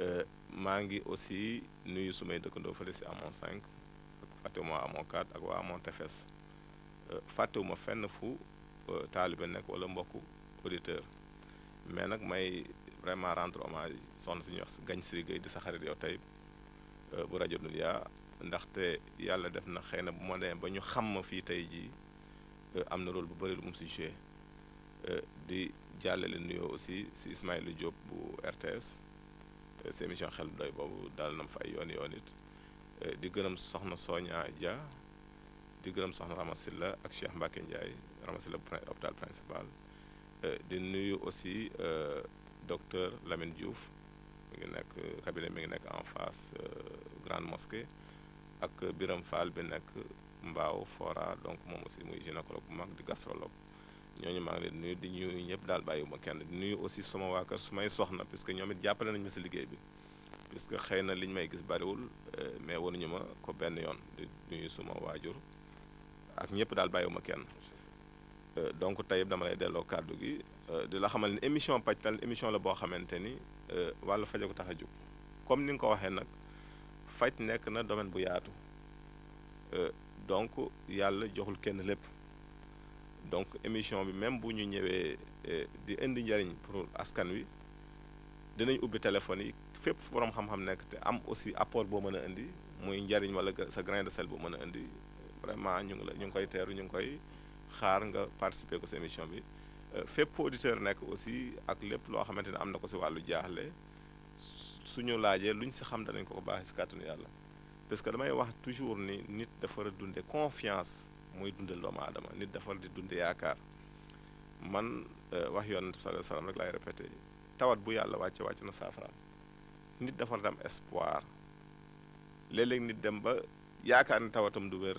Euh, maa ngi aussi nuyu su may dëkkandoo fële si Amon 5 fàttewuma Amon 4 ak waa Amon Tefes euh, fàttewuma fenn fu euh, taalibe nekk wala mbokk auditeur mais nag may vraiment rendre hommage sonn suñu wax gañ si Gueye di sa xarit yow tey bu rajo Dunia ndaxte yàlla def na xëy na bu ma demee ba ñu xam ma fii tey jii am na rôle bu bëri lu mu si joué di jàllale nuyoo aussi si lu Diop bu RTS. si émission xel doy bobu dal na fay fa ay eh, di gërëm soxna Soña Dia di gërëm soxna Ramasilla ak Cheikh Mbacke Ndiaye Ramasilla hôpital principal eh, di nuyu aussi eh, docteur Lamine Diouf mi ngi nekk cabinet mi ngi nekk en face grande mosquée ak Biram Fall bi nekk Mbaaw Fora donc mom aussi muy gynécologue bu mag di gastrologue ñooñu maa ngi leen nuyu di ñuyu ñëpp daal bàyyiwuma kenn di nuyu aussi sama waa kër su may soxna parce que ñoom it jàppale nañ ma si liggéey bi parce que xëy na liñ may gis bariwul euh, mais wanuñu ma ko benn yoon di suma waajur ak ñëpp daal bàyyiwuma kenn euh, donc tey dama lay delloo kàddu gi euh, di la xamal ni émission pajtal émission la boo xamante ni wàllu faje ko tax a jóg comme ni nga ko waxee nag faj nekk na domaine bu yaatu donc yàlla joxul kenn lépp donc émission bi même bu ñu ñëwee eh, di indi njariñ pour askan wi dinañ ubbi téléphone yi fépp fu borom xam-xam nekk te am aussi apport boo mën a indi muy njariñ wala sa grain sell boo mën a indi vraiment ñu ngi la ñu ngi koy teeru ñu ngi koy xaar nga participer ko si émission bi eh, fépp fu auditeur nekk aussi ak lépp loo xamante ne am na ko si wàllu jaaxle suñu laajee luñ si xam danañ ko ko baaxee si kàttanu yàlla parce que damay wax toujours ni nit dafa war a dundee mooy dundal doomu aadama nit dafa di dunde yaakaar man eh, wax yonent bi sallallahu alayhi wa sallam répété tawat bu yàlla wàcce wàcc na saafaraam nit dafa di am espoir léeg nit dem ba yaakaar ni tawatam du wér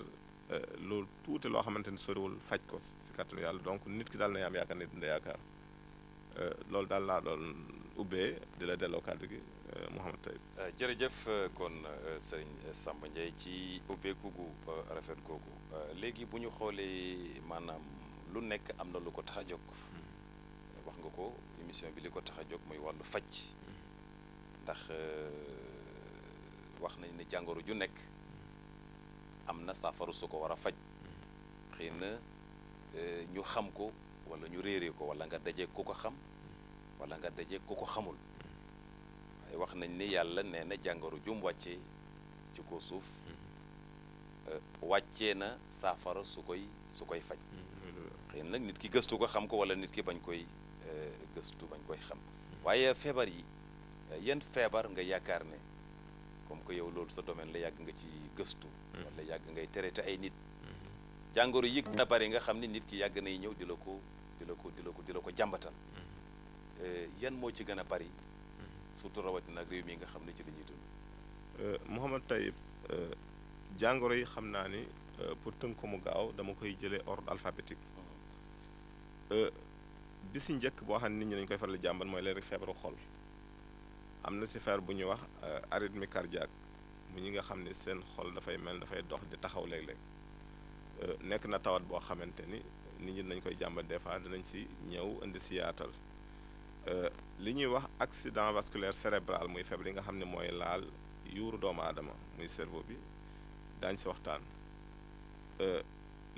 eh, loolu tuuti loo xamante ni soriwul faj ko si kàttanu yàlla donc nit ki daal na am yaakaar ne dund yaakaar eh, loolu daal laa doon ubbee di la delloo kàddu gi. Euh, Mouhamed Taïb euh, jërëjëf euh, kon Serigne Samba Ndiaye ci ubbeeku gu rafet googu léegi bu ñu xoolee maanaam lu nekk am na lu ko tax a jóg hmm. wax nga ko émission bi li ko tax a jóg muy wàllu faj hmm. ndax wax nañ ne jàngoro ju nekk hmm. am na saafaru su ko war a faj xëy na ñu xam ko walla ñu réeree ko wala nga daje ku ko xam wala nga dajee ku ko xamul wax nañ ni yàlla nee na jàngoro jum wàcce ci ko suuf mhm. euh, wàccee na saafara su koy su koy faj mhm, xëy nag nit ki gëstu ko xam ko wala nit ki bañ koy euh, gëstu bañ koy xam mhm. waaye feebar yi euh, yan feebar nga yaakaar ne comme que yow loolu sa domaine la yàgg nga ci gëstu wala yàgg ngay traité ay nit jàngoro yi gën a bari nga xam ne nit ki yàgg nay ñëw di la ko di la ko di la ko di la ko jàmbatal yan moo ci gën a bari surtout rawatina ak réew mi nga xam ne ci la ñuy dund. Euh, Mouhamed Tayib euh, jàngoro yi xam naa ni euh, pour tënk ko mu gaaw dama koy jëlee ordre alphabétique. Uh-huh. bi si njëkk boo xam ne nit ñi dañu koy faral di jàmbat mooy léeg-léeg feebaru xol am na si feebar bu ñuy wax arythmie cardiaque mu ñi nga xam ne seen xol dafay mel dafay dox di taxaw léeg-léeg nekk na tawat boo xamante ni nit ñi nañ koy jàmbat des fois dinañ si ñëw indi si yaatal. Euh, li wax accident vasculaire cérébral muy feebar yi nga xam ne mooy laal yuuru doomu aadama muy cerveau bi si waxtaan euh,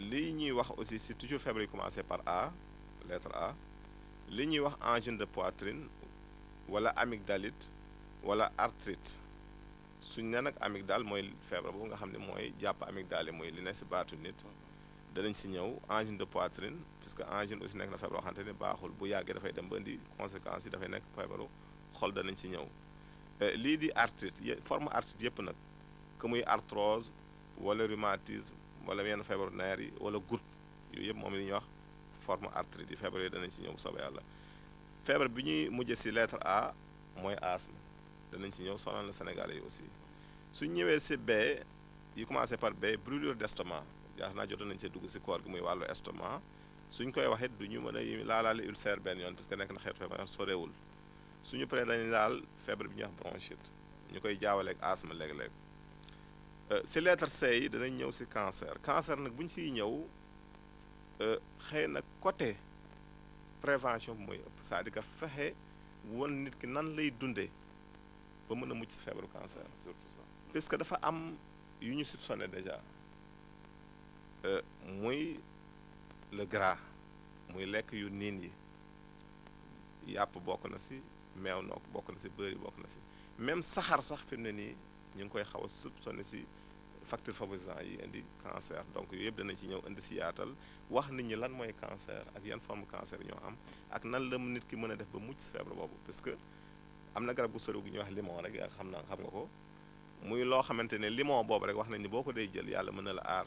li ñuy wax aussi si toujours feebar yi par A lettre A li wax angine de poitrine wala amygdalite wala arthrite suñ ne nag amygdale mooy feebar boobu nga xam ne mooy jàpp amygdale mooy li ne si baatu danañ si ñëw angine de poitrine puisque angine aussi nekk na feebar boo xamante ni baaxul bu yàggee dafay dem ba indi conséquences yi dafay nekk feebaru xol danañ si ñëw euh, lii di arthrite forme arthrite yëpp nag que muy arthrose wala rhumatisme wala yenn feebaru neer yi wala goutte yooyu yëpp moom li ñuy wax forme arthrite yi feebar yooyu danañ si ñëw bu soobee yàlla feebar bi ñuy mujje si lettre A mooy asthme danañ si ñëw sonal na sénégal yi aussi suñ ñëwee si B commencé par B brûlure d'estomac yaa naa jotoon nañu see dugg si koor gi muy wàllu estomac suñ koy waxit du ñu mën a laalaale ulcère benn yoon parce que nekk na xeetu feebar sorewul suñu paree dañu laal feebar bi ñuy wax bronchite ñu koy jaawaleeg asthme léeg-léeg euh, si lettre C danañ ñëw si cancer cancer nag bu ñu siy ñëw euh, xëy nag côté prévention bi mooy ëpp cest à fexe won nit ki nan lay dundee ba mën a mucc si feebaru cancer. surtout parce que dafa am yu ñu soupçonné déjà. Euh, muy le gras muy lekk yu niin yi yàpp bokk na si meew nook bokk na si beurre yi bokk na si même saxaar sax fi mu ne nii ñu ngi koy xaw a soupçonné si facteur favorisant yi indi cancer donc yëpp danañ si ñëw indi si yaatal wax nit ñi lan mooy cancer ak yan forme cancer ñoo am ak nan la nit ki mën a def ba mucc si feebar boobu parce que am na garab bu solo gu ñuy wax limon rek xam naa xam nga ko muy loo xamante ne limon boobu rek wax nañ ñi boo ko dee jël yàlla mën na la aar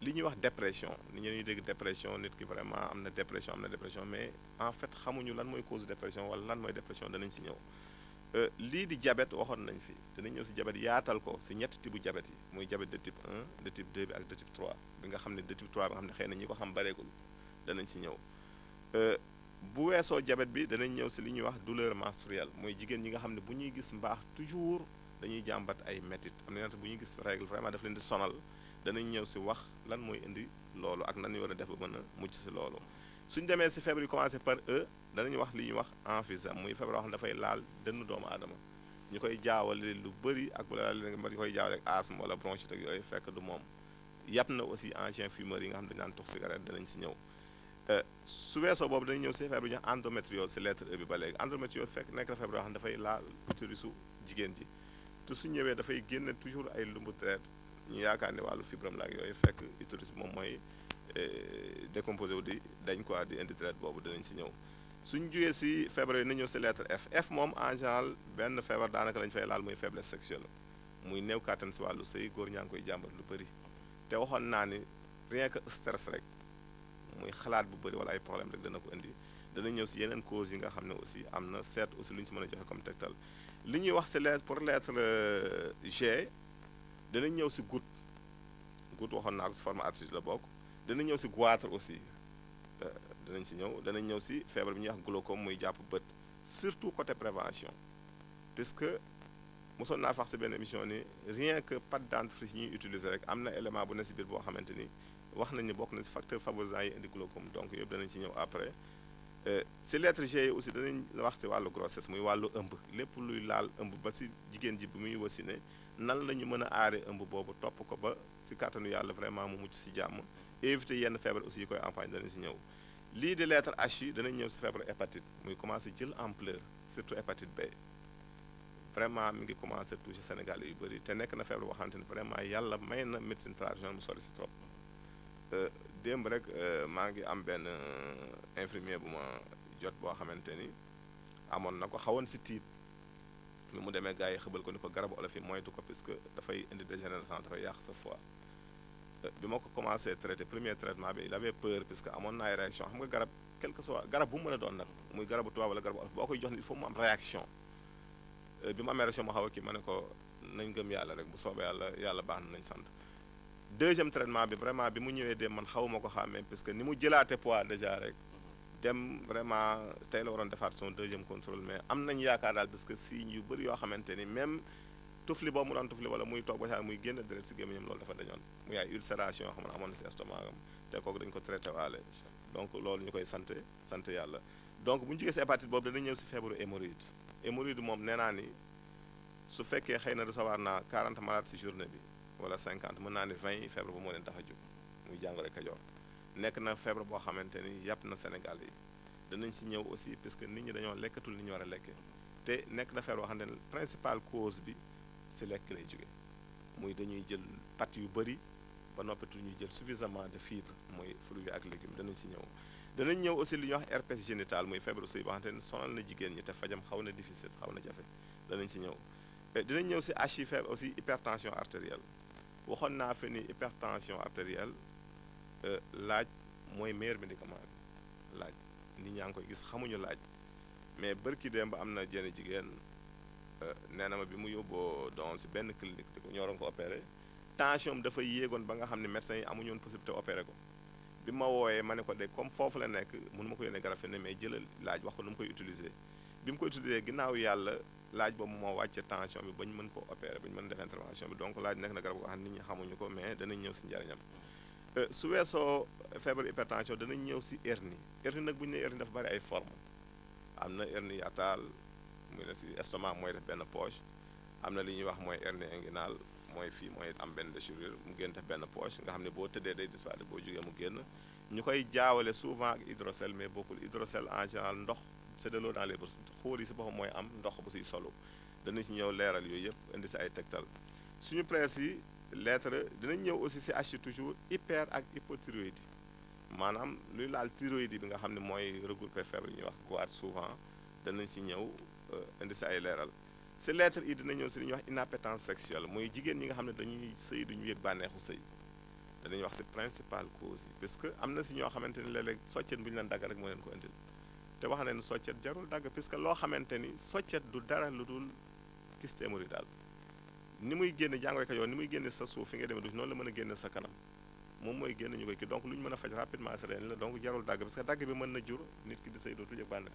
li ñuy wax dépression nit ñi dañuy dégg dépression nit ki vraiment am na dépression am na dépression mais en fait xamuñu lan mooy cause dépression wala lan mooy dépression danañ si ñëw euh, lii di diabète waxoon nañ fi danañ ñëw si diabète yaatal ko si ñetti type bu diabète yi muy diabète de type 1 de type 2 bi ak de type 3 bi nga xam ne de type 3 bi nga xam ne xëy na ñi ko xam bareegul danañ si ñëw euh, bu weesoo diabète bi danañ ñëw si li ñuy wax douleur menstruelle mooy jigéen ñi nga xam ne bu ñuy gis mbaax toujours dañuy jàmbat ay métit am na bu ñuy gis règle vraiment daf leen di sonal danañ ñëw si wax lan mooy indi loolu ak nan ñu war a def ba mën a mucc si loolu suñ demee si feebar yi commencé par e danañ wax li ñuy wax emphysème muy feebar yoo xam ne dafay laal dënn doomu aadama ñu koy jaawale lu bëri ak bu la koy jaawale wala bronchite ak yooyu fekk du moom yàpp na aussi ancien fumeur yi nga xam ne dañu daan tux cigarette danañ si ñëw e, su weesoo boobu dañuy ñëw si feebar bi ñu endométriose si lettre e bi ba léegi endométriose fekk nekk na feebar yoo xam ne dafay laal utérus jigéen ji te su ñëwee dafay génne toujours ay lumbu ñu yaakaar ne wàllu fibram la ak yooyu fekk utérus moom mooy eh, décomposé wu di dañ quoi di indi boobu dinañ si ñëw suñ jugee si feebar yi na ñëw si lettre F F moom en benn feebar daanaka lañ fay laal muy faiblesse sexuelle muy néew kàttan si wàllu sëy góor ñaa ngi koy jàmbat lu bëri te waxoon naa ni rien que stress rek muy xalaat bu bëri wala ay problème rek dana ko indi dana ñëw si yeneen causes yi nga xam ne aussi am na seet aussi lu ñu si mën a joxe comme tegtal li ñuy wax si pour lettre euh, danañ ñëw si goutte goutte waxoon naa ko si forme artiste la bokk danañ ñëw si goitre aussi euh, danañ si ñëw danañ ñëw si feebar bi ñuy wax glaucome muy jàpp bët surtout côté prévention puisque mosoon naa fax si benn émission ni rien que pâte dentifrice ñuy utiliser rek am na élément bu ne si biir boo xamante ni wax nañ ni bokk na si facteur favorisant yi indi glaucome donc yëpp danañ si ñëw après Euh, si lettre G aussi danañ wax si wàllu grossesse muy wàllu ëmb lépp luy laal ëmb ba si jigéen ji bu muy wasi ne nan la ñu mën a aare ëmb boobu topp ko ba si kàttanu yàlla vraiment mu mucc si jàmm éviter yenn feebar aussi yi koy empagne danañ si ñëw lii di lettre H yi danañ ñëw si feebar hépatite muy commencé jël ampleur surtout hépatite B vraiment mu ngi commencé toucher Sénégal yu bari te nekk na feebar waxante ne vraiment yàlla may na médecine traditionnelle si trop Euh, démb rek euh, maa ngi am benn euh, infirmier bu ma jot boo xamante ni amoon na ko xawoon si tiit mi mu demee gars yi xëbal ko ni ko garabu olof yi moytu ko puisque dafay indi dégénérescence dafay yàq sa foi bi ma ko commencé traité premier traitement bi il avait peur puisque amoon na réaction xam nga garab quelque soit garab bu mu mën a doon nag muy garabu tubaab wala garabu olof boo koy jox ni il faut mu am réaction bi mu amee réaction ma xaw a kii ma ne ko nañ gëm yàlla rek bu soobee yàlla yàlla baax na nañ sant deuxième traitement bi vraiment bi mu ñëwee dem man xaw ma ko xàmmee parce que ni mu jëlaate poids déjà rek dem vraiment tey la waroon defaat son deuxième contrôle mais am nañu yaakaar daal parce que signes yu bëri yoo xamante ni même tufli boobu mu doon tufli wala muy toog ba saa muy génn deret si gémmiñam loolu dafa dañoon muy amoon na si estomac am te kooku dañu ko traité waale loolu ñu koy sant sant yàlla donc bu ñu jógee si hépatite boobu dana ñëw si feebaru hémorroïde hémorroïde moom nee naa ni su fekkee xëy na recevoir naa 40 malades si journée bi wala 50 mën naa ne vingt feebar bu moo leen tax a jóg muy jàngoro Kajoor nekk na feebar boo xamante ni yàpp na Sénégal yi danañ si ñëw aussi parce que nit ñi dañoo lekkatul ni ñu war a lekkee te nekk na feebar boo xamante ne principale cause bi si lekk lay jóge muy dañuy jël pàtt yu bëri ba noppitul ñu jël suffisamment de fibre mooy fruits ak légumes danañ si ñëw danañ ñëw aussi li ñuy wax herpès génital muy feebaru aussi boo xamante ne sonal na jigéen ñi te fajam xaw na difficile xaw na jafe danañ si ñëw eh, dinañ ñëw si HIV aussi hypertension artérielle waxon na fi ni hypertension artérielle euh laaj moy meilleur médicament laaj nit ñaa ngi koy gis xamuñu laaj mais barki dem ba am na jenn jigéen euh, nee bi mu yobbo doom si ben clinique diko ñoro ko opérer tension am dafa yéegoon ba nga xamni médecin yi yi amuñoon possibilité opérer ko bi ma wooyee ma ko dé comme fofu la nek mënu ma ko yónnee garab fenn mais jëlal laaj wax num koy utiliser bi mu koy utiliser ginnaw yalla laaj boobu moo wàcce tension bi ba ñu mën ko opérer ba ñu mën def intervention bi donc laaj nekk na garab goo xam ne nit ñi xamuñu ko mais danañ ñëw si njariñam euh, su weesoo feebar hypertension danañ ñëw si hernie hernie nag bu ñu ne hernie dafa bari ay forme am na hernie yatal muy la si estomac mooy def benn poche am na li ñuy wax mooy hernie inguinal mooy fii mooy am benn déchirure mu génn def benn poche nga xam ne boo tëddee day disparaître boo jógee mu génn ñu koy jaawale souvent ak mais bokkul hydrocèle en général ndox c'est de l'eau dans les bourses xóol yi si boppam mooy am ndox bu siy solo danañ si ñëw leeral yooyu yëpp indi si ay tegtal suñu presse yi lettre dinañ ñëw aussi si H toujours hyper ak hypothyroïdie maanaam luy laal thyroïdie bi nga xam ne mooy regroupé faible ñuy wax goitre souvent danañ si ñëw euh, indi si ay leeral si lettre yi dina ñëw si li ñuy wax inappétence sexuelle mooy jigéen ñi nga xam ne dañuy sëy duñu yëg bànneexu sëy danañ wax si principale cause yi parce que am na si ñoo xamante ni léeg-léeg soccet bu dagg rek moo leen ko indil te wax na ne soccet jarul dagg que loo xamante ni soccet du dara lu dul gis yi daal ni muy génne jàngoro ko yow ni muy génne sa suuf fi nga deme du noonu la mën a génne sa kanam moom mooy génn ñu koy kii donc lu ñu mën a faj rapidement sa leen la donc jarul dagg parce que dagg bi mën na jur nit ki di sëy dootu yëg bànneex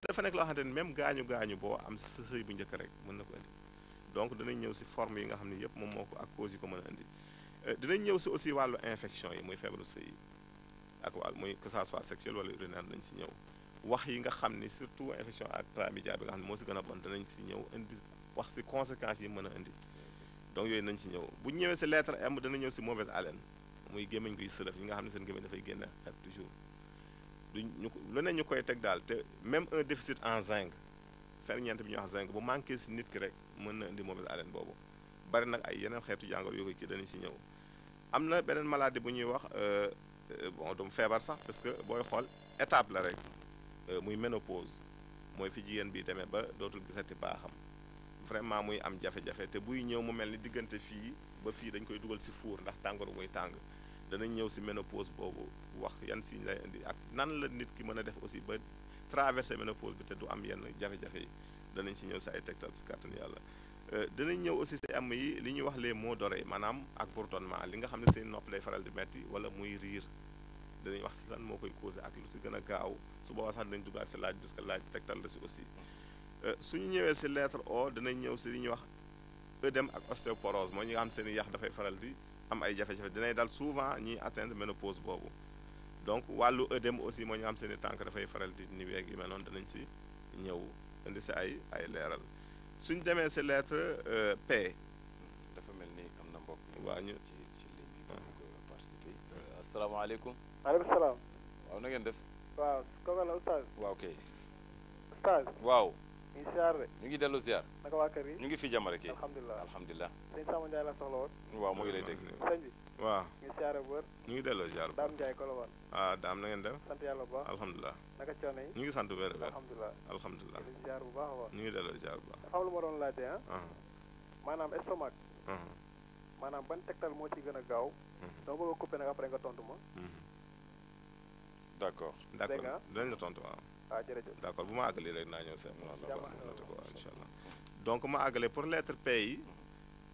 dafa nekk loo xamante ni même gaañu gaañu boo am sa sëy bu njëkk rek mën na ko indi donc danañ ñëw si forme yi nga xam ne yëpp moom moo ko ak cause yi ko mën a indi euh, dinañ ñëw si aussi wàllu infection yi muy feebaru sëy ak wàll muy que ça soit wala urinaire nañ si ñëw wax yi nga xam ni surtout infection ak chlamydia bi nga xam ne moo si gën a bon danañ si ñëw indi wax si conséquence yi mën a indi donc yooyu nañ si ñëw bu ñëwee si lettre M dana ñëw si mauvaise haleine muy gémmiñ guy sërëf yi nga xam ne seen gémmiñ dafay génn ak toujours du ñu lu ne ñu koy teg daal te même un déficit en zinc ferñeent bi ñuy wax zinc bu manqué si nit ki rek mën na indi mauvaise haleine boobu bari nag ay yeneen xeetu jàngoro yoo koy kii danañ si ñëw am na beneen maladie bu ñuy wax euh, euh, bon doomu feebar sax parce que booy xool étape rek Euh, muy ménopause mooy fi jigéen bi demee ba dootul gisati baaxam vraiment muy am jafe-jafe te buy ñëw mu mel ni diggante fii ba fii dañ koy dugal si fuur ndax tàngoor muy tàng danañ ñëw si ménopause boobu wax yan si lay indi ak nan la nit ki mën a def aussi ba traversé ménopause bi te du am yenn jafe-jafe yi danañ si ñëw si ay tegtal si kàttan yàlla euh, danañ ñëw aussi si am yi li ñuy wax les mots d'oreille maanaam ak bourdonnement li nga xam ne seen nopp lay faral di metti wala muy riir danañ wax si lan moo koy causé ak lu si gën a gaaw su boobaa sax dinañ duggaat si laaj parce que laaj tegtal la si aussi euh, suñu ñëwee si lettre O danañ ñëw si li ñuy wax œdème ak ostéoporose mooy ñu nga xam seen i yax dafay faral di am ay jafe-jafe dinay dal souvent ñiy atteindre ménopause boobu donc wàllu œdème aussi mooy ñu nga xam seen i tànk dafay faral di niweeg yi mel noonu danañ si ñëw indi si ay ay leeral suñ demee si lettre euh, P. dafa mel ni am na mbokk. waa ñu ci ci ligne bi. Euh, asalaamaaleykum. maaleykum salaam. waaw na ngeen def. waaw kooku la oustaz. waaw kay. oustaz. waaw. ngi ziar de. ñu ngi dellu ziar. naka waa kër yi ñu ngi fi jàmm rek. alhamdulilah alhamdulilah. sëñ Samba Ndiaye la soxla woon. waaw mu ngi lay dégg. sëñ bi. waaw ñu ngi ziar bu wër. ñu ngi delloo ziar bu wër Dame Ndiaye Colobane. ah Dame na def. sant yàlla bu baax alhamdulilah. naka coono yi. ñu ngi sant wér wér. alhamdulilah alhamdulilah. ñu ngi ziar bu baax a baax. ñu ngi delloo ziar bu baax. dafa ah. Ah. maanaam estomac. Ah. maanaam ban tegtal moo ci gën a gaaw. Mm-hmm. dama bëgg après nga tontu ma mm-hmm. D'accord. D'accord. d' accord dinañ la tontu waaw. waaw jërëjëf d' accord bu ma àggalee rek naa ñëw sax mu naan la donc ma àggale pour l'être pays, yi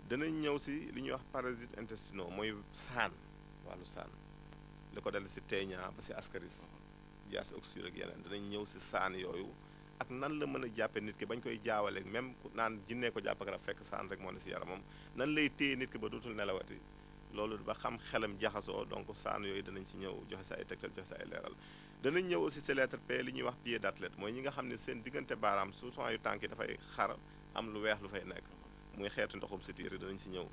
danañ ñëw si li ñuy wax parasites intestinaux mooy saan wàllu saan li ko dal si teeñaa ba si ascaris jaas oxyur ak yeneen danañ ñëw si saan yooyu ak nan la mëna jappé nit ki bañ koy jaawale même nan jinnee ko japp ak rab fekk san rek moo ne si yaramam nan lay téy nit ki ba dootul nelawati loolu ba xam xelam jaxasoo donc saan yooyu danañ si ñëw joxe sa ay tegtal joxe sa ay leeral danañ ñëw aussi si P li ñuy wax pied d'athlète mooy xam ne seen diggante baaraam su son yu tànk yi dafay xar am lu weex lu fay nekk muy xeetu ndoxum sitiir danañ si ñëw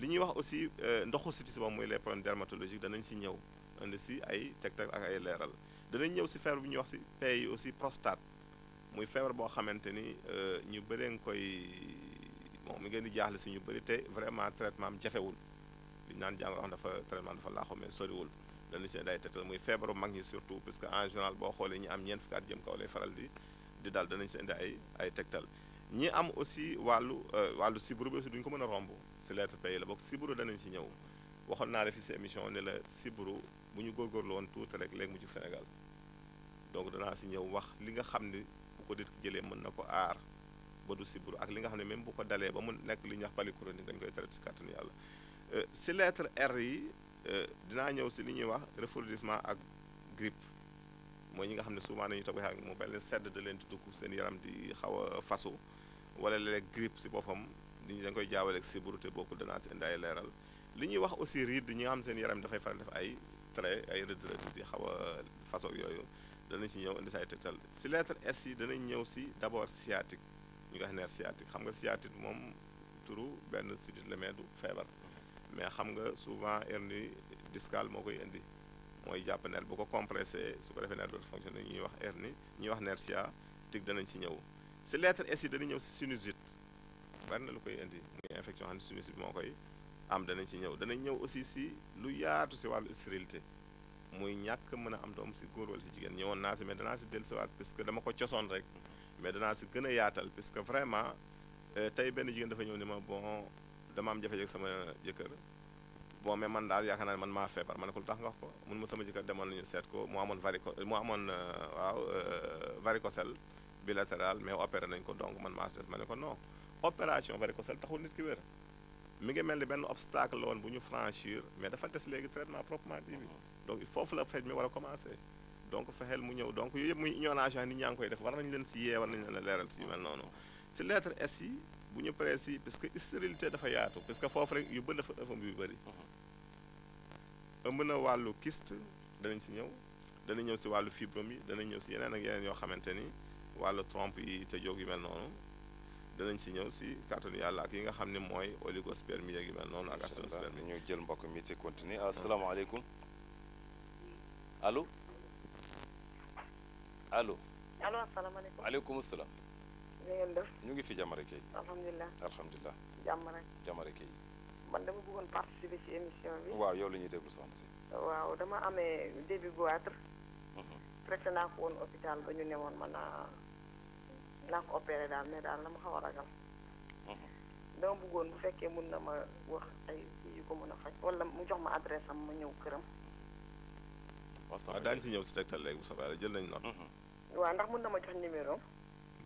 li ñuy wax aussi euh, ndoxu sitis ba muy les problèmes dermatologiques danañ si ñëw indi si ay tegtal ak ay leeral danañ ñëw si feebar bu ñu wax si P yi aussi prostate muy feebar boo xamante ni euh, ñu bëree nga koy bon mi ngeen di si ñu bëri te vraiment traitement am jafewul li ñu naan jàngoro xam dafa traitement dafa laaxoo mais soriwul dañu seen day tegtal muy feebaru mag ñi surtout parce que en général boo xoolee ñi am ñeent fukki at jëm kaw lay faral di di daal danañ seen indi ay ay tegtal ñi am aussi wàllu euh, wàllu sibbiru bi aussi duñu ko mën a romb si lettre pay la bokk sibbiru danañ si ñëw waxoon naa la fi si émission ne la sibbiru bu ñu góorgóorlu woon tuuti rek léegi mu jug Sénégal donc danaa si ñëw wax li nga xam ni bu ko dit ki jëlee mën na ko aar ba du sibbiru ak li nga xam ne même bu ko dalee ba mu nekk li ñuy wax palu chronique koy traité si kàttanu yàlla Euh, si lettre R yi euh, dinaa ñëw si li ñuy wax refroidissement ak grippe mooy ñi nga xam ne souvent dañuy toog ak mu mel sedd da leen di seen yaram di xaw a fasu wala léeg grippe si boppam nit dañ koy jaawale ak sibiru te danaa si indi ay leeral li ñuy wax aussi riid ñi nga xam seen yaram dafay faral def ay ay rëdd di xaw a façon yooyu danañ si ñëw indi sa ay tegtal danañ ñëw si d' abord sciatique ñu koy wax nerf sciatique moom turu benn sidit la mais du feebar. mais xam nga souvent hernie discale moo koy indi mooy jàpp nerf bu ko compressé su ko defee nerf dootu fonctionné ñuy wax hernie ñuy wax nerf sciatique danañ si ñëw si lettre S yi danañ ñëw si sinusite bari na lu koy indi muy infection xam ne sinusite bi moo koy am danañ si ñëw danañ ñëw aussi si lu yaatu si wàllu stérilité muy ñàkk mën a am doom si góor wala si jigéen ñëwoon naa si mais danaa si dellusiwaat parce que dama ko cosoon rek mais danaa si gën a yaatal parce que vraiment euh, tey benn jigéen dafa ñëw ni ma bon dama am jafe-jafe sama jëkkër boo mais man daal yaakaar naa ne man maa feebar ma ne ko lu tax nga wax ko mun ma sama jëkkër demoon nañu seet ko mu amoon varico mu amoon euh, waaw euh, varicocèle bilatéral mais opéré nañ ko donc man maa stress ma ne ko non opération varicocèle taxul nit ki wér mu ngi mel ni benn obstacle la woon bu ñu franchir mais dafa des léegi traitement proprement dit bi donc foofu la faj mi war a commencé donc fexeel mu ñëw donc yooyu yëpp muy ignorance nit ñaa ngi koy def war nañu leen si yee war nañu leen leeral si yu mel noonu si lettre S bu ñu paree si parce que stérilité dafa yaatu parce que foofu rek yu bëri dafa ëmb yu bëri uh-huh. ëmb na wàllu kist danañ si ñëw danañ ñëw si wàllu fibrome yi danañ ñëw si yeneen ak yeneen yoo xamante ni wàllu trompe yi te jóg yu mel noonu danañ si ñëw si kàttanu yàlla ak yi nga xam ne mooy oligospermie yeeg yu mel noonu ak asténospermie ñu jël mbokk mi ci continuer asalaamaaleykum allo allo allo salaam na ngeen ñu ngi fi jamare kay. alhamdulilah alhamdulilah. jàmm rek jamare kay. man dama bëggoon participer ci émission bi. waaw yow la ñuy déglu soxna si. waaw dama amee début goitre. Mhm. traité naa ko woon hôpital ba ñu ne woon man naa ah, naa ko opéré daal mais daal dama xaw a ragal. Mhm. dama bëggoon bu fekkee mun na ma wax ay kii ko mën a faj wala mu jox ma adresse am ma ñëw këram. waaw ah, daañu si ñëw si tegtal léegi bu soobee jël nañu noonu. Mhm. waa ndax mun na ma jox numéro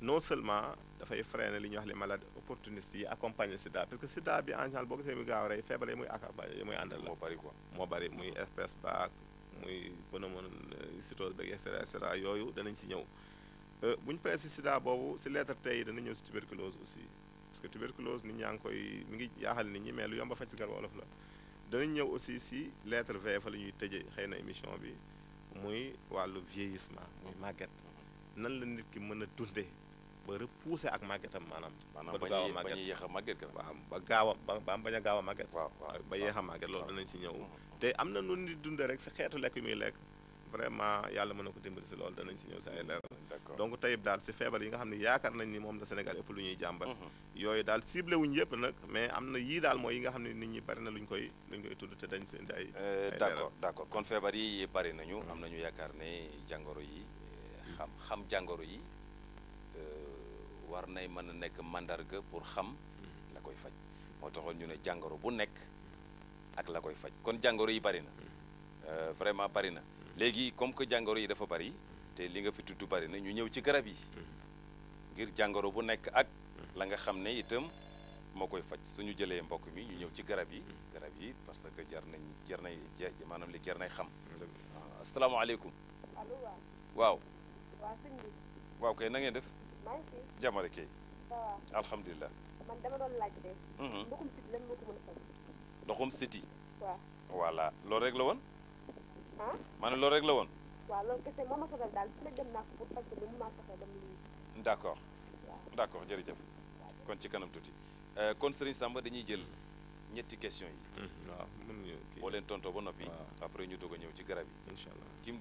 non seulement dafay freiner li ñuy wax les malades opportunistes yi accompagner sida parce que sida bi en général boo gisee muy gaaw rey feebar yi muy accompagner yi muy àndal la. moo bari quoi moo bari muy espèce baak muy pneumocytose euh, beeg et cetera et yooyu danañ si ñëw euh, bu ñu paree si sida boobu si lettre tey yi dana ñëw si tuberculose aussi parce que tuberculose nit ñaa ngi koy mi ngi jaaxal nit ñi mais lu yomba faj si garab wolof la danañ ñëw aussi si lettre V fa la ñuy tëjee xëy na émission bi muy wàllu vieillissement muy màgget mm-hmm. nan la nit ki mën a dundee. ba puuse ak màggetam maanaam. ba du gaaw a màgget maanaam ba ñuy yéex a màgget waaw ba gaaw a ba ba a gaaw a màgget. waaw ba yéex a màgget loolu danañ si ñëw. Mm-hmm. te am na nu ni dundee rek si xeetu lekk yu muy lekk vraiment yàlla mën na ko dimbali si lool danañ si ñëw si ay leer. donc tayib daal si feebar yi nga xam ne yaakaar nañ ni moom la Sénégal ëpp lu ñuy jàmbat. Mm-hmm. yooyu daal ciblé wuñ yëpp nag mais am na yii daal mooy yi nga xam ne nit ñi bari na luñ koy luñ koy tudd te dañ si indi ay. ay d' accord d' kon feebar yi bari nañu. Mm-hmm. am nañu yaakaar ne jàngoro yi eh, xam xam jàngoro yi war nay mën a nekk màndarga pour xam la koy faj moo taxoon ñu ne jàngoro bu nekk ak la koy faj kon jàngoro yi bari na euh, vraiment bari na léegi comme que jàngoro yi dafa bari te li nga fi tudd bari na ñu ñëw ci garab yi ngir jàngoro bu nekk ak la nga xam ne itam moo koy faj suñu jëlee mbokk mi ñu ñëw ci garab yi garab yi parce que jar nañ jar nay maanaam li jar nay xam ah, asalaamaaleykum waaw waaw kay na ngeen def maa ngi fi. Jamara Kay. waaw alhamdulilah. man dama doon laajte. Mhm. ndoxum siti voilà loolu rek la woon. ah ma ne loolu rek la woon. waaw loolu kese jërëjëf. kon ci kanam tuuti euh, kon Serigne Samba dañuy jël ñetti question yi. Mhm, waaw mën nañu kii boo leen tontoo ba après ñu doog a ñëw ci garab yi. incha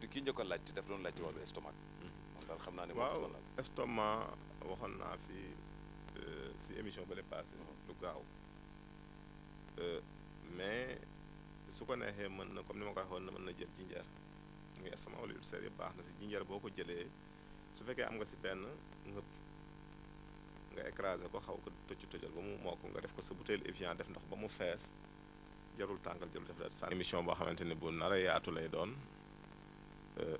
ki ki laaj laajte daf doon laajte wàllu estomac. Mhm. yaatal xam naa ne. waaw estomac waxoon naa fi euh, si émission ba lay passé. Mhm. lu gaaw euh, mais su ko neexee mën na comme ni ma ko na mën na jël jinjeer muy estomac wala ulcère yëpp baax na si jinjeer boo ko jëlee su fekkee am nga si benn ngëb nga écrasé ko xaw ko toj tojal ba mu mokk nga def ko sa bouteille Evian def ndox ba mu fees jarul tàngal jarul def daal sànni émission boo xamante ne bu nar a yaatu lay doon euh,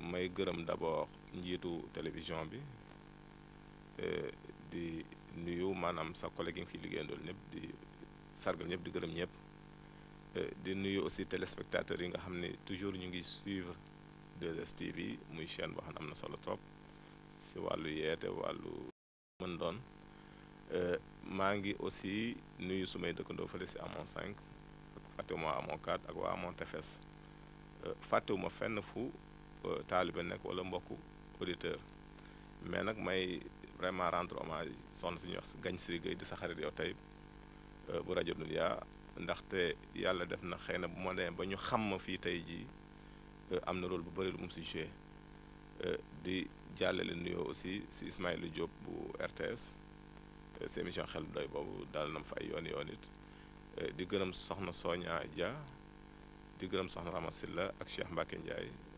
may gërëm d'abord la télévision bi e, di nuyu maanaam sa collègue yi fi liggéeyandool di di e, di nuyu aussi téléspectateurs yi nga xam toujours ñu suivre 2 tv muy chaîne boo xam ne solo trop si wàllu yeete wàllu mën doon e, ngi aussi nuyu sumay dëkkandoo fële si amon amon ak amon talibé nek wala mbokk auditeur mais nak may vraiment rendre hommage son suñu wax gagne sri Gueye di saxarit yow tay bu rajo Dunia ndaxte yàlla def na xeyna bu mo ne ba ñu xam fi tay ji amna rôle bu bari lu mu ci joué di jàllale nuyo aussi si ismaïlou Diop bu RTS si émission xel doy bobu dal na fay yoni ay di gërëm soxna soña Dia di gërëm soxna ramassilla ak Cheikh Mbacke Ndiaye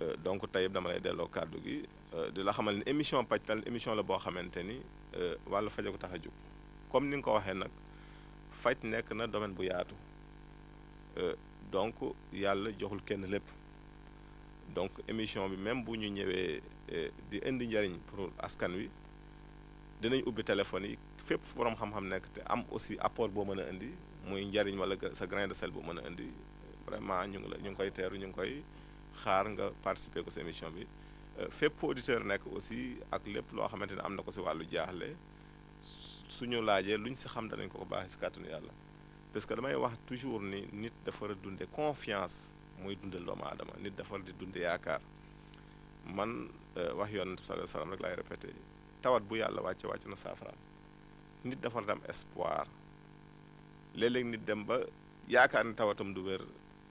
Euh, donc tey dama lay delloo kàddu gi euh, di la xamal ni émission pajtal émission la boo xamante ni euh, wàllu faje ko tax a jóg comme ni nga ko waxee nag faj nekk na domaine bu yaatu donc yàlla joxul kenn lépp donc émission bi même bu ñu ñëwee di indi njariñ pour askan wi dinañ ubbi téléphone yi fépp fu borom xam-xam nekk te am aussi apport boo mën a indi muy njariñ wala sa grain sell sel boo mën a indi vraiment ñu ngi la ñu ngi koy teeru ñu ngi koy xaar nga participer ko si émission bi euh, fépp fu auditeur nekk aussi ak lépp loo xamante ne am na ko si wàllu jaaxle suñu laajee luñ si xam danañ ko ko baaxee si kàttanu yàlla parce que damay wax toujours ni nit dafa war dunde confiance mooy dundal doomu aadama nit dafa di dunde yaakaar man euh, wax yoon bi sallallahu alayhi wa tawat bu yàlla wàcce wàcc na saafaraam nit dafa war di am espoir léeg nit dem ba yaakaar ni tawatam du wér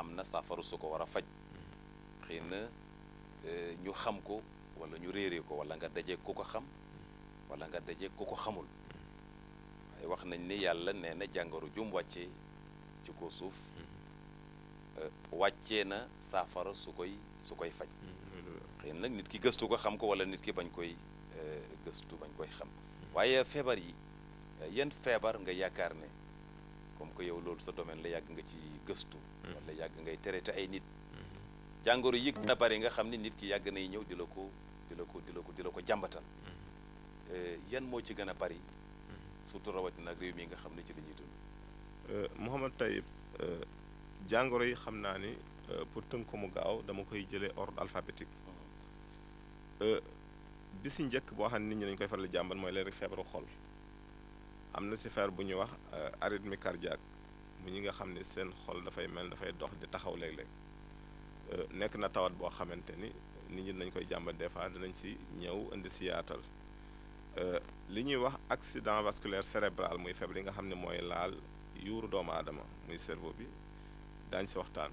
am na safaru su ko war a faj xëy na euh, ñu xam ko wala ñu réeree ko wala nga daje ku ko xam wala nga daje ku ko xamul waaye wax nañ ni yàlla nee na jàngoro jum wàcce ci ko suuf euh, wàccee na saafara su koy su koy faj xëy nag nit ki gëstu ko xam ko wala nit ki bañ koy euh, gëstu bañ koy xam hmm. waaye feebar yi yan feebar nga yaakaar ne comme que yow loolu sa domaine la yàgg nga ci gëstu hmm. wala yàgg ngay traité ay nit hmm. jàngoro yi gën a nga xam ne nit ki yàgg nay ñëw di la ko di la ko di la ko di la ko jàmbatal hmm. euh, yan moo ci gën a bari surtout rawatina nag réew mi nga xam ne ci la ñuy dund euh, Mouhamed euh, jàngoro yi xam naa ni pour tënk ko mu gaaw dama koy jëlee ordre alphabétique bi si njëkk boo xam ne nit ñi dañu koy faral di jàmbat mooy léeg rek feebaru xool am na si feer bu ñuy wax euh, arythmie cardiaque mu ñi nga xam ni seen xol dafay mel dafay dox di taxaw léeg-léeg euh, nekk na tawat boo xamante ni nit ñi nañ koy jàmbat des fois dinañ si ñëw indi si yaatal euh, li ñuy wax accident vasculaire cérébral muy feebar yi nga xam ne mooy laal yuuru doomu aadama muy cerveau bi daañ si waxtaan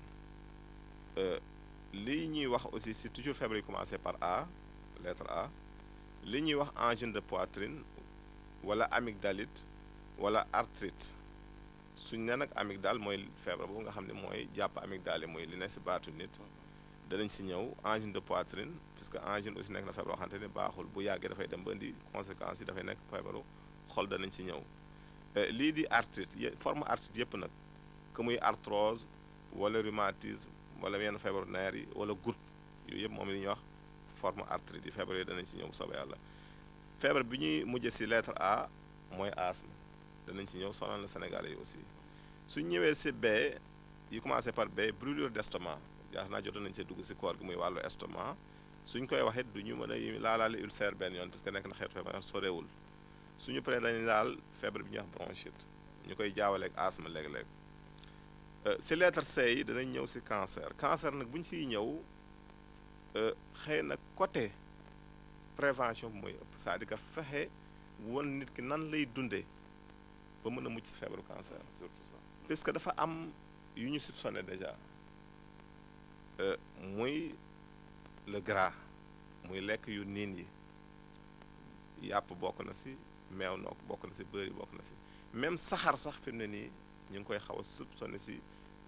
li ñuy wax aussi si toujours feebar yi commencé par A lettre A li ñuy wax angine de poitrine wala amygdalite wala arthrite suñ ne nag daal mooy feebar boobu nga xam ne mooy jàpp amygdale yi muy li ne si baatu nit danañ si ñëw angine de poitrine que angine aussi nekk na feebar boo xamante ne baaxul bu yàggee dafay dem ba indi conséquences yi dafay nekk feebaru xol danañ si ñëw euh, lii di arthrite forme arthrite yëpp nag que muy arthrose wala rhumatisme wala yenn feebaru neer yi wala goutte yooyu moom li ñuy wax forme arthrite yi feebar yooyu danañ si ñëw bu soobee fièvre bi ñuy mujj si lettre A moy asthme danañ si ñëw sonal na Sénégalais yi aussi suñ ñëwee ci B yi commencé par B brûlure d'estomac estomac na naa jotoon nañ see dugg ci corps gi muy walu estomac suñ koy waxé duñu mëna ñu mën a laalaale ulcère benn yoon parce que nek na xeetu so sorewul suñu paree dañu laal fièvre bi ñu wax bronchite ñu koy jaawaleeg asthme léeg-léeg euh, si lettre C yi danañ ñëw ci cancer cancer nak buñ ci siy ñëw euh, xëy na côté. prévention bi mooy ëpp cest à fexe woon nit ki nan lay dundee ba mën a mucc si feebaru cancer. surtout ça parce que dafa am yu ñu soupçonné déjà euh, muy le gras muy lekk yu niin yi yàpp bokk na si meew nook bokk na si beurre yi bokk na si même saxaar sax fi ne nii ñu ngi koy xaw a soupçonné si.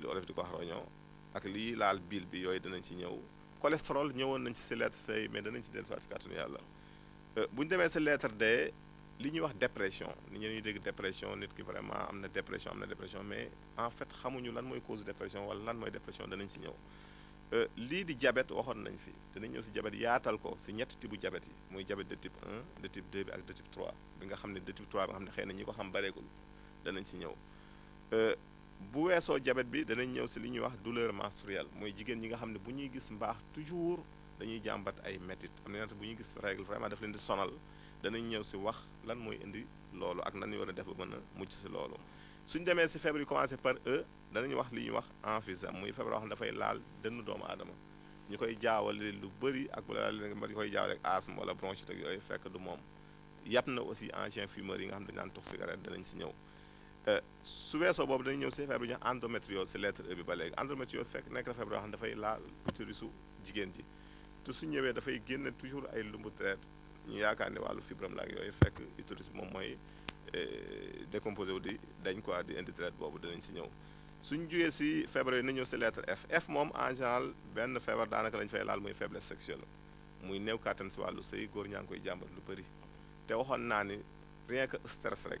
lu olof di ko wax rognon ak li laal bil bi yoy danañ ci ñew cholestérol ñewon nañ ci lettre say mais danañ ci dellusiwaat si kàttanu yàlla euh, bu ñu demee si lettre dé li ñuy wax dépression ni ñi dañuy dégg dépression nit ki vraiment amna dépression amna dépression mais en fait xamuñu lan moy cause dépression wala lan moy dépression ci ñew euh li di diabète waxon nañ fi danañ ñew ci diabète yaatal ko ci ñetti type diabète yi muy diabète de type 1 de type 2 bi ak de type 3 bi nga xamné de type 3 bi nga xamné ne ñi ko xam bareegul ci ñew euh bu weesoo jabet bi danañ ñëw si li ñuy wax douleur menstruelle mooy jigéen ñi nga xam ne bu ñuy gis mbaax toujours dañuy jàmbat ay métit am na bu ñuy gis règle vraiment daf leen di sonal danañ ñëw si wax lan mooy indi loolu ak nan ñu war def ba mën a mucc si loolu suñ demee si feebar yi commencé par e danañ wax li ñuy wax emphysème muy feebar wax dafay laal dënn doomu aadama ñu koy jaawale lu bëri ak bu la laalee ñu koy jaawale ak asthme wala bronchite ak yooyu fekk du moom yàpp na aussi ancien fumeur yi nga xam dañ naan tux danañ si ñëw Euh, su weesoo boobu dañuy ñëw si feebar bi ñu wax endométriose si lettre E bi ba léegi endométriose fekk nekk na feebar yoo xam ne dafay laal ji te su ñëwee dafay génne toujours ay lumbu ñu yaakaar ne wàllu fibram ak yooyu fekk utérus moom mooy euh, décomposé wu di dañ quoi di indi boobu dinañ si ñëw suñ jógee si feebar yooyu na si lettre F F moom en benn feebar daanaka lañ fay laal muy faiblesse sexuelle muy néew kàttan si wàllu sëy góor ñaa ngi koy jàmbat lu bëri te waxoon naa ni rien que stress rek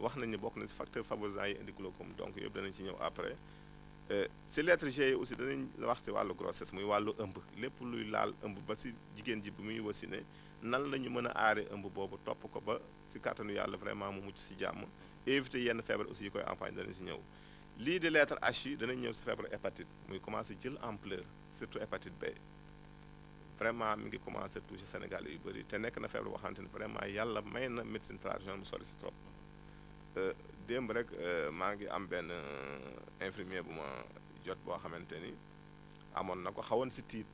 wax nañ ne bokk na si facteur favorisant yi indi glaucome donc yëpp danañ ci ñëw après si euh, lettre G aussi danañ wax si wàllu grossesse muy wàllu ëmb lépp luy laal ëmb ba si jigéen ji bu muy wasine nan la ñu mën a aare ëmb boobu topp ko ba si kàttanu yàlla vraiment mu mucc si jàmm éviter yenn feebar aussi yi koy empagne danañ si ñëw lii di lettre H danañ ñëw si feebar hépatite muy commencé jël ampleur surtout hépatite B vraiment mi ngi commencé toucher Sénégal yu bëri te nekk na feebar boo xamante ni yàlla may na médecine traditionnelle mu sori si démb rek maa ngi am benn infirmier bu ma jot boo xamante ni amoon na ko xawoon si tiit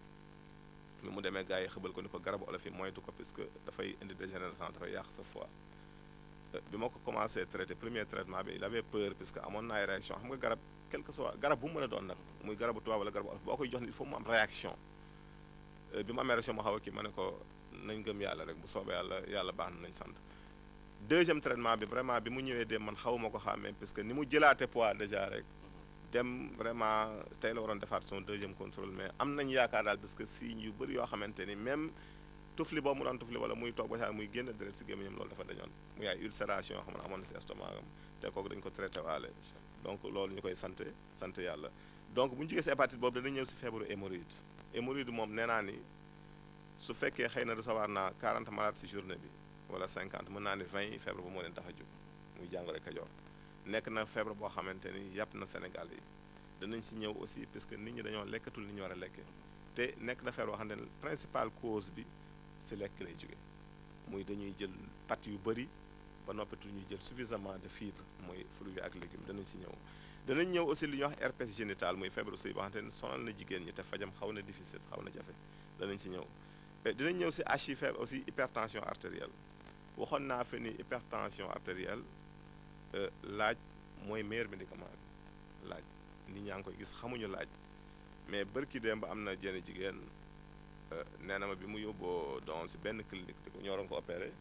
ni mu demee gars yi xëbal ko ni ko garabu olof yi moytu ko puisque que dafay indi dégénérescence dafay yàq sa foi bi ma ko commencé traité premier traitement bi il avait peur puisque que amoon na réaction xam nga garab quelque soit garab bu mu mën a doon nag muy garabu tubaab wala garabu olof boo koy jox ni il faut mu am réaction bi mu amee réaction ma xaw a kii ma ne ko nañ gëm yàlla rek bu soobee yàlla yàlla baax na nañ sant deuxième traitement bi vraiment bi mu ñëwee dem man xaw ma ko xàmmee parce que ni mu jëlaate poids déjà rek dem vraiment tey la waroon defaat son deuxième contrôle mais am nañu yaakaar daal parce que signes yu bëri yoo xamante ni même tufli boobu mu doon tufli wala muy toog ba saa muy génn deret si gémmiñam loolu dafa dañoon muy ay ulcération xam ne amoon na si estomac am te kooku dañu ko traité donc loolu ñu koy sant sant yàlla donc bu ñu jógee si hépatite boobu danañ ñëw si feebaru hémorroïde hémorroïde moom nee naa ni su fekkee xëy na recevoir naa 40 malades si journée bi wala cinquante mën naa ne vingt yi feebar bu moo leen tax a jóg muy jàngoro Kajoor nekk na feebar boo xamante ni yàpp na Sénégal yi danañ si ñëw aussi parce que nit ñi dañoo lekkatul ni ñu war a lekkee te nekk na feebar boo xamante ne principale cause bi si lekk lay jóge muy dañuy jël pàtt yu bëri ba noppitu ñuy jël suffisamment de fibre mooy fruits ak légumes danañ si ñëw danañ ñëw aussi lu ñuy wax herpès génital muy feebaru sëy boo xamante ne sonal na jigéen ñi te fajam xaw na difficile xaw na jafe danañ si ñëw dinañ ñëw si HIV aussi hypertension artérielle waxoon naa fi ni hypertension artérielle euh, laaj mooy meilleur médicament bi laaj ni ñaa ngi koy gis xamuñu laaj mais bërki dem ba am na jenn jigéen euh, nee na ma bi mu yóbboo doon si benn clinique di ko ñoroon ko opéré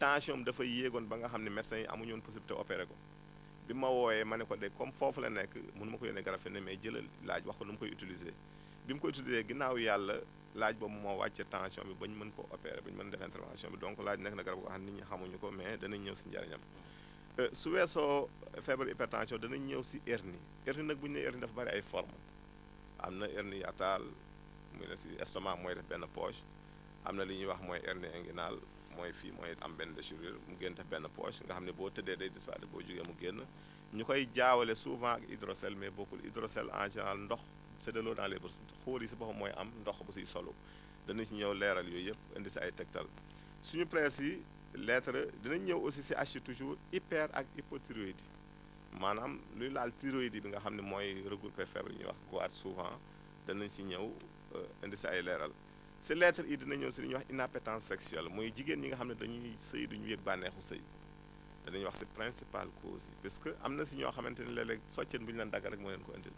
tension dafa yéegoon ba nga xam ne médecins yi amuñu woon possibilité opéré ko bi ma wooyee ma ne ko de comme foofu la nekk mënu ma ko yónnee garab fenn mais jëlal laaj wax ko nu mu koy utiliser bi mu koy utiliser ginnaaw yàlla. laaj boobu moo wàcc tension bi ba ñu mën ko opérer ba mën def intervention bi donc laaj nekk na garab goo xam nit ñi xamuñu ko mais danañ ñëw si njariñam euh, su weesoo feebar hypertension danañ ñëw si hernie hernie nag bu ñu nee hernie dafa bari ay forme am na hernie yatal muy ne si estomac mooy def benn poche am na li ñuy wax mooy hernie inguinale mooy fii mooy am benn déchirure mu génn def benn poche nga xam ne boo tëddee day disparaître boo jógee mu génn ñu koy jaawale souvent ak mais bokkul hydrocèle en général ndox c'est de l'eau dans les bourses xóor yi si boppam mooy am ndox bu siy solo danañ si ñëw leeral yooyu yëpp indi si ay tegtal suñu presse yi lettre dinañ ñëw aussi si H toujours hyper ak hypothyroïdie maanaam luy laal thyroïde bi nga xam ne mooy regroupé feebar yi ñuy wax goitre souvent danañ si ñëw euh, indi si ay leeral si lettre i dina ñëw si li ñuy wax inappétence sexuelle mooy jigéen ñi nga xam ne dañuy sëy duñu yëg bànneexu sëy danañ wax si principale cause yi parce que am na si ñoo xamante ni léeg-léeg soccet bu dagg rek moo leen ko indil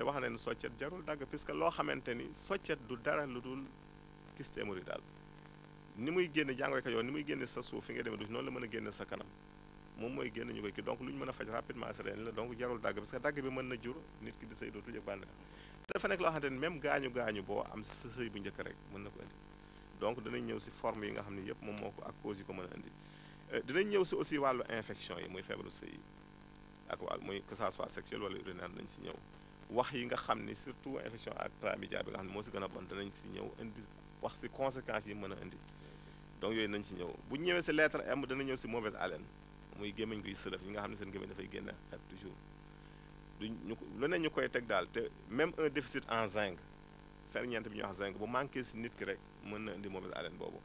te wax leen soccet jarul dagg puisque loo xamante ni soccet du dara lu dul gis téeméeri daal ni muy génne jàngoro ka yoon ni muy génne sa suuf fi nga demee du noonu la mën a génne sa kanam moom mooy génne ñu koy kii donc lu ñu mën a faj rapidement sa reen la donc jarul dagg parce que bi mën na jur nit ki di sëy dootul yëg bànneex te dafa nekk loo xamante ni même gaañu gaañu boo am sa sëy bu njëkk rek mën na ko indi donc danañ ñëw si forme yi nga xam ne yëpp moom moo ko ak cause yi ko mën a indi euh, dinañ ñëw si aussi wàllu infection yi muy feebaru sëy yi ak wàll muy que ça soit sexuel wala urinaire nañ si ñëw wax yi nga xam ni surtout infection intra-média bi nga xam ne moo si gën a bon danañ si ñëw indi wax si conséquences yi mën a indi donc yooyu nañ si ñëw bu ñëwee si lettre M dana ñëw si mauvaise haleine muy gémmiñ guy sërëf yi nga xam ne seen gémmiñ dafay génn xet toujours duñ ñu lu ne ñu koy teg daal te même un déficit en zinc ferñeent bi ñuy wax zinc bu manqué si nit ki rek mën na indi mauvaise haleine boobu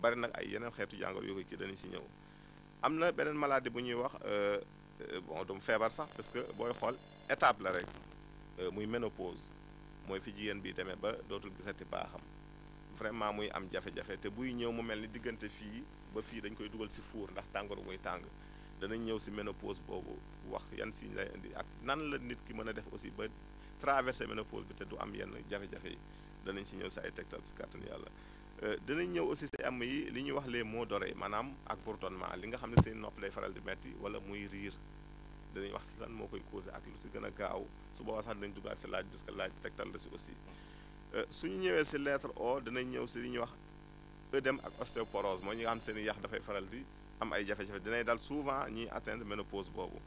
bari nag ay yeneen xeetu jàngoro yoo ci danañ si ñëw am na beneen maladie bu ñuy wax euh, euh, bon dum feebar sax parce que booy xool étape rek Euh, muy ménopause mooy fi jigéen bi demee ba dootul gisati baaxam vraiment muy am jafe-jafe te buy ñëw mu mel ni diggante fii ba fii dañ koy dugal si fuur ndax tàngoor muy tàng danañ ñëw si ménopose boobu wax yan si lay indi ak nan la nit ki mën a def aussi ba traversé ménopause bi te du am yenn jafe-jafe yi danañ si ñëw si ay tegtal si kàttan yàlla euh, danañ ñëw aussi si am yi li ñuy wax les maux d'oreille maanaam ak bourdonnement li nga xam ne seen nopp lay faral di metti wala muy riir dañuy wax ci lan moo koy causé ak lu si gën a gaaw su boobaa sax dinañ dugg ak si laaj parce que laaj tegtal la si aussi suñu ñëwee si lettre O danañ ñëw si li ñuy wax œdème ak ostéoporose mooy ñi nga xam seen i yax dafay faral di am ay jafe-jafe dinay dal souvent ñuy atteindre ménopause boobu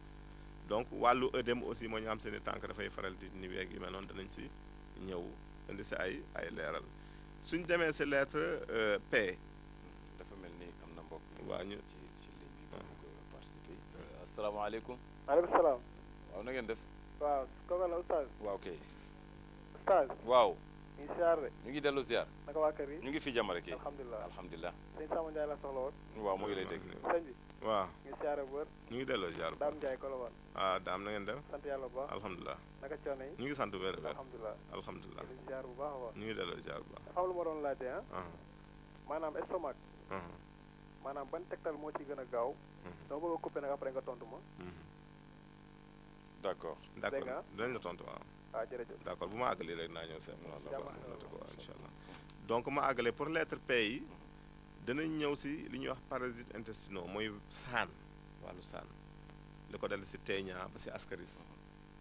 donc wàllu œdème aussi mooy ñi nga xam seen i tànk dafay faral di niwee ak yu mel noonu danañ si ñëw indi si ay ay leeral suñ demee si lettre P. dafa mel ni am na mbokk. waa ñu ci ligne bi. asalaamaaleykum. maaleykum waaw na ngeen def. waaw kooku la waaw kay. oustaz. waaw. ngi ziar de. ñu ngi dellu ziar. naka waa kër yi ñu ngi fi jàmm rek. alhamdulilah alhamdulilah. sëñ Samba Ndiaye soxla woon. waaw mu ngi lay dégg. sëñ bi. waaw. ñu ngi ziar bu wër. ñu ngi delloo ziar bu wër. Dame Ndiaye Colobane. ah Dame na ngeen def. sant yàlla bu baax alhamdulilah. naka coono yi. ñu ngi sant wér wér. alhamdulilah alhamdulilah. a baax. ñu ngi delloo ziar ah. Ah. maanaam estomac. Ah. maanaam ban tegtal moo ci gën a gaaw. Mm-hmm. dama bëgg après nga tontu ma mm-hmm. D'accord. D'accord. d' accord dinañ la tontu waaw. waaw ah, jërëjëf d' accord bu ma àggalee rek naa ñëw sax mu la ko incha donc ma àggale pour l'être pays. yi danañ ñëw si li ñuy wax parasites intestinaux mooy saan wàllu saan li ko dal si teeñaa ba si ascaris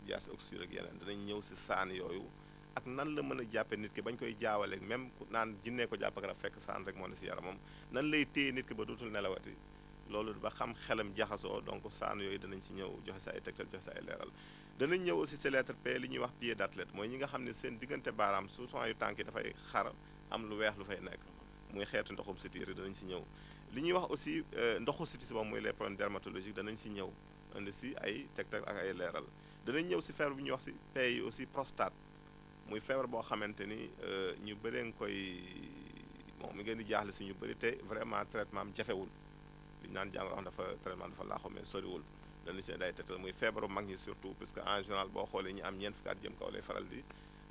jaasi oxyure ak yeneen danañ ñëw si saan yooyu ak nan la mëna jappé nit ki bañ koy jaawale même ku naan jinnee ko japp ak rab fekk San rek moo ne si yaramam nan lay téy nit ki ba dootul nelawati loolu ba xam xelam jaxasoo donc saan yooyu danañ ci ñëw joxe sa ay tegtal joxe sa ay leeral danañ ñëw aussi ci lettre P li ñuy wax pied d'athlète mooy ñi nga xam ne seen diggante baaraam su son yu tànk yi dafay xar am lu weex lu fay nekk muy xeetu ndoxum sitiir danañ ci ñëw li ñuy wax aussi euh, ndoxu sitis moom muy les problèmes dermatologiques danañ ci ñëw indi si ay tegtal ak ay leeral danañ ñëw si feebar bu ñuy wax ci P yi aussi prostate muy feebar boo xamante ni euh, ñu bëree nga koy bon mi ngeen di jaaxle ci ñu bëri te vraiment traitement jafewul li naan jàngoro am dafa traitement dafa laaxoo mais soriwul dana si day tetal muy feebaru mag ñi surtout parce que en général boo xoolee ñi am ñeent fukki at jëm kaw lay faral di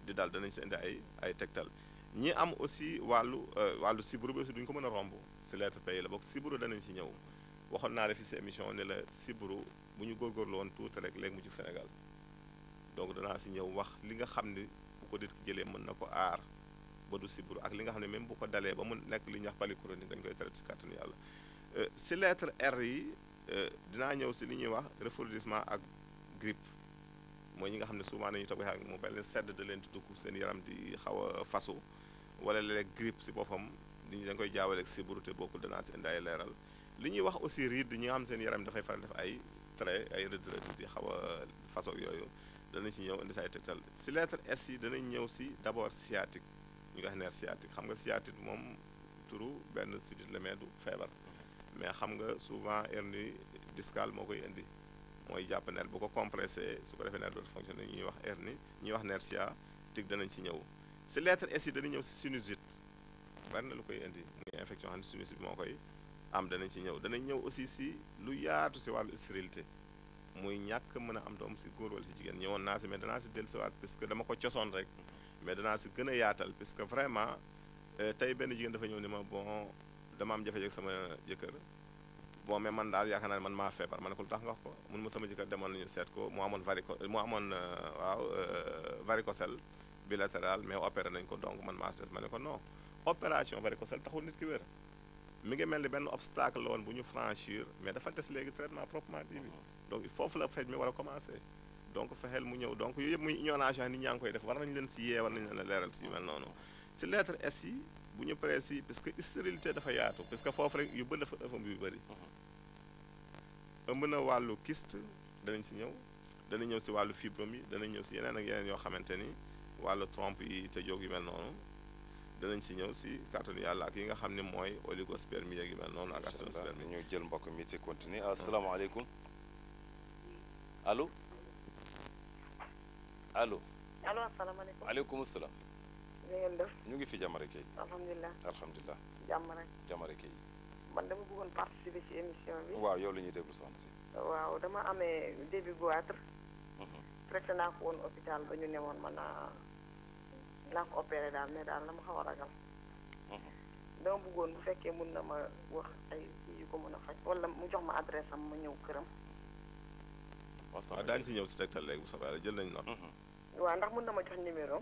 di daal danañ si indi ay ay tegtal ñi am aussi wàllu euh, wàllu siburu bi aussi duñ ko mën a romb si lettre pays la bokk siburu danañ si ñëw waxoon naa la fi si émission ne la siburu bu ñu góorgóorlu woon tuuti rek léegi mu jóg Sénégal donc danaa si ñëw wax li nga xam ne bu ko nit ki jëlee mën na ko aar ba du siburu ak li nga xam ne même bu ko dalee ba mu nekk li ñuy wax ni chronique dañ koy traité si kàttanu yàlla Euh, si lettre R yi euh, dinaa ñëw si li ñuy wax refroidissement ak grippe mooy ñi nga xam ne souvent dañuy toog ak mu benn sedd da leen di seen yaram di xaw a fasu wala léeg grippe si boppam nit ñi koy jaawale ak sibiru te danaa si ay leeral li ñuy wax aussi riid ñi nga xam seen yaram dafay faral def ay ay rëdd di xaw a façon yooyu danañ si ñëw indi si lettre S danañ ñëw si d' abord sciatique ñu xam nga sciatique moom turu benn sidit la mais du feebar mais xam nga souvent hernie discale moo koy indi mooy jàpp nerf bu ko compressé su ko defee nerf dootu fonctionné ñuy wax hernie ñuy wax nerf sciatique danañ si ñëw si lettre S yi danañ ñëw si sinusite bari na lu koy indi muy infection xam ne sinusite moo koy am danañ ci ñëw danañ ñëw aussi si lu yaatu si wàllu stérilité muy ñàkk mën a am doom si góor wala si jigéen ñëwoon naa si mais danaa si dellusiwaat que dama ko cosoon rek mais danaa si gën a yaatal puisque vraiment euh, tey benn jigéen dafa ñëw ni ma bon dama am jafe-jafe sama jëkkër boo mais man daal yaakaar naa ne man maa feebar ma ne ko lu tax nga wax ko mun ma sama jëkkër demoon nañu seet ko mu amoon varico mu amoon euh, waaw euh, varicocèle bilatéral mais opéré nañ ko donc man maa stress ma ne ko non opération varicocèle taxul nit ki wér mi ngi mel ni benn obstacle la woon bu ñu franchir mais dafa des léegi traitement proprement dit bi mm-hmm. donc foofu la faj mi war a commencé donc fexeel mu ñëw donc yooyu yëpp muy ignorance nit ñaa ngi koy def war nañu leen si yee war nañu leen leeral si yu mel si lettre S yi bu ñu paree si parce que stérilité dafa yaatu parce que foofu rek yu bëri dafa ëmb yu bëri uh-huh. ëmb na wàllu kist danañ si ñëw danañ ñëw si wàllu fibrome yi danañ ñëw si yeneen ak yeneen yoo xamante ni wàllu trompe yi te jóg yi mel noonu danañ si ñëw si kàttanu yàlla ak yi nga xam ne mooy oligospermie yeeg yu mel noonu ak asthénospermie ñu jël mbokk mi te continuer uh-huh. asalaamaaleykum allo allo salaam ni ñu ngi fi jàmmare kay. alhamdulilah alhamdulilah. jàmmare jàmmare kay. man dama buggoon participer ci émission bi. waaw yow la ñuy déglu soxna si. waaw dama amee début goitre. traité mhm. naa ko woon hôpital ba ñu ne woon man naa naa ko opéré daal mais daal dama xaw a ragal. Mhm. dama bëggoon bu fekkee mun na ma wax ay kii ko mën a faj walla mu jox ma adresse am ma ñëw këram. waaw ah, daañu si ñëw si tegtal léegi bu soobee jël nañ noonu. Mhm. waaw ndax mun na ma jox numéro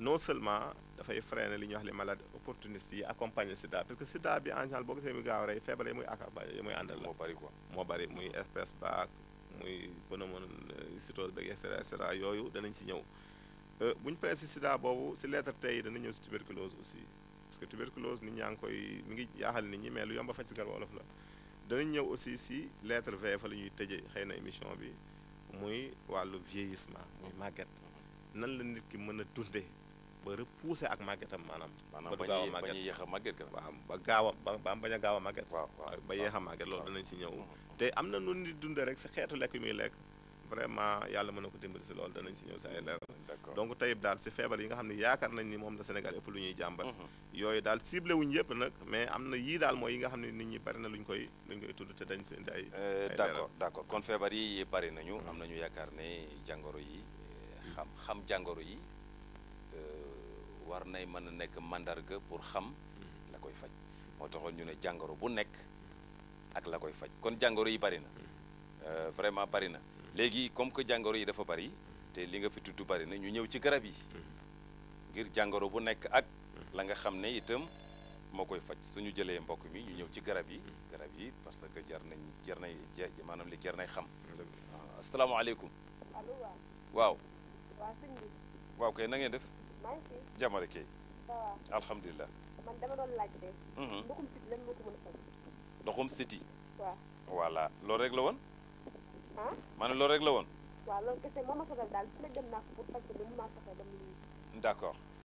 non seulement dafay freiner li ñuy wax les maladies opportunistes yi accompagner sida parce que sida bi en général boo gisee muy gaaw rey feebar muy àndal moo bari quoi moo bari muy herpès baak muy pneumocytose euh, beeg et cetera et yooyu danañ si ñëw euh, bu ñu paree si boobu si lettre tey dana ñëw si tuberculose aussi parce que tuberculose nit ñaa ngi koy mi ngi jaaxal nit ñi mais lu yomb a faj si garab wolof la danañ ñëw aussi si lettre V fa la ñuy tëjee xëy na émission bi muy wàllu vieillissement muy màgget mm-hmm. nan la nit ki mën a dundee. ba repousser ak màggetam maanaam. ba gaaw a màgget maanaam ba gaaw a ba ba a gaaw a màgget. ba yeex a màgget loolu danañ si ñëw. Mm-hmm. te am na nu nit dundee rek si xeetu lekk yu muy lekk vraiment yàlla mën na ko dimbali si loolu danañ si ñëw si ay leer. donc tayib daal si feebar yi nga xam ne yaakaar nañ ni moom la Sénégal ëpp lu ñuy jàmbat. Mm-hmm. yooyu daal ciblé wuñ yëpp nag mais am na yii daal mooy yi nga xam ne nit ñi bari na luñ koy luñ koy tudd te dañ si indi ay. ay euh, d'accord kon feebar yi bari nañu. Mm-hmm. am nañu yaakaar ne jàngoro yi eh, xam xam jàngoro yi war nay mën a nekk mandarga pour xam mm-hmm. la koy faj moo taxoon ñu ne jàngoro bu nekk ak la koy faj kon jàngoro yi bari na mm-hmm. euh, vraiment bari na mm-hmm. léegi comme que jàngoro yi dafa bari te li nga fi tudd bari na ñu ñëw ci garab yi ngir jàngoro bu nekk ak la nga xam ne itam moo koy faj suñu jëlee mbokk mi ñu ñëw ci garab yi garab yi parce que jar nañ jar nay maanaam li jar nay xam asalaamaaleykum allo waaw waaw waaw kay na ngeen def jàmm rek kay. alhamdulilah. man dama doon laaj de. ndoxum siti lan moo ko mën a faj. ndoxum siti. waaw voilà loolu rek la woon. ah ma ne loolu rek la woon. waaw loolu kese moo ma soxal daal fu ne dem naa ko pour faj ko mais mu maa soxal ba mu. d'accord.